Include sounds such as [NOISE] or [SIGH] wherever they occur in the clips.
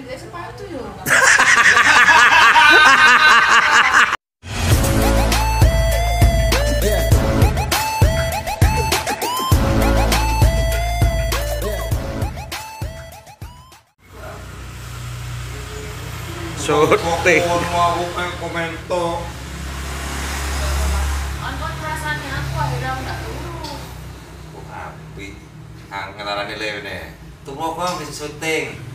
adik saya sepatu yo. mau aku kayak komento. Anton perasaannya aku akhirnya nggak turu. api? Ah, lewe nih. Turu aku syuting.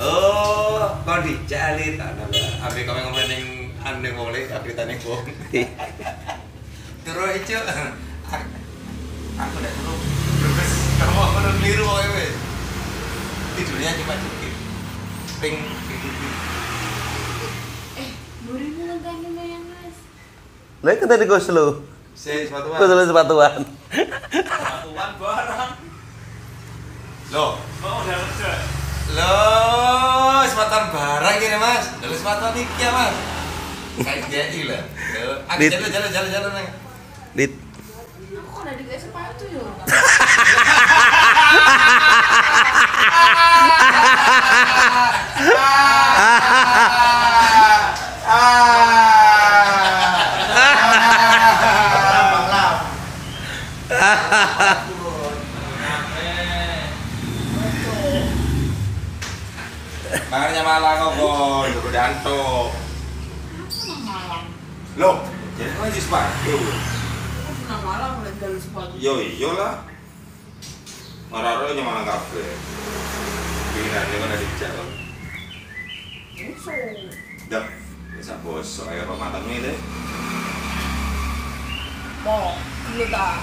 Oh, kau dijalit anak. Abi kau ngomong yang anda anu boleh Abi tanya kau. [LAUGHS] Terus itu aku udah terus terus kamu aku udah keliru kowe ya, tidurnya cuma dikit. Ping ping ping. Eh, burimu langkahnya yang Mas. Lah kita di Gus sepatuan. Gus lu sepatuan. Sepatuan barang. Loh, kesempatan barang ini mas dari kesempatan ini ya mas kayak jadi lah aku jalan jalan jalan jalan neng dit aku kok dari kayak sepatu ha ha. makanya malang kok, Juru Danto. lo? jadi kau jis sepatu. Senang malang sepatu. Yo lah. Mararo aja malang kafe. Pilihannya kan ada di jalan. Dap, bisa bosok air pematang ini deh. Mo, lu tak?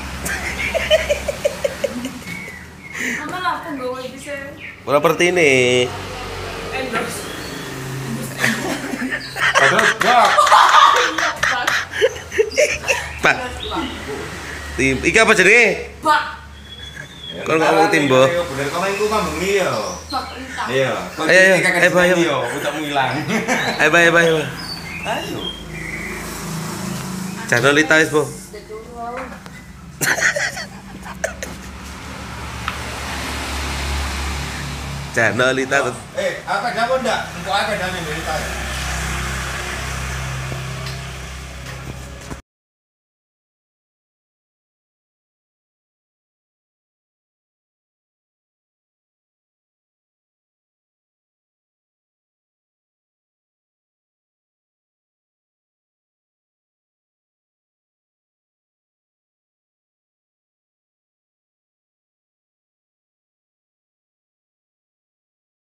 Mama [LAUGHS] lah aku nggak boleh bisa. ini? terus tim iki apa jenenge pak kalau ngomong timbo iya, bener iya ya iya ayo ayo ayo ayo ayo ayo ayo ayo lita wis, [LAUGHS] channel kita. Eh, apa kamu ndak? Engkau apa dana berita?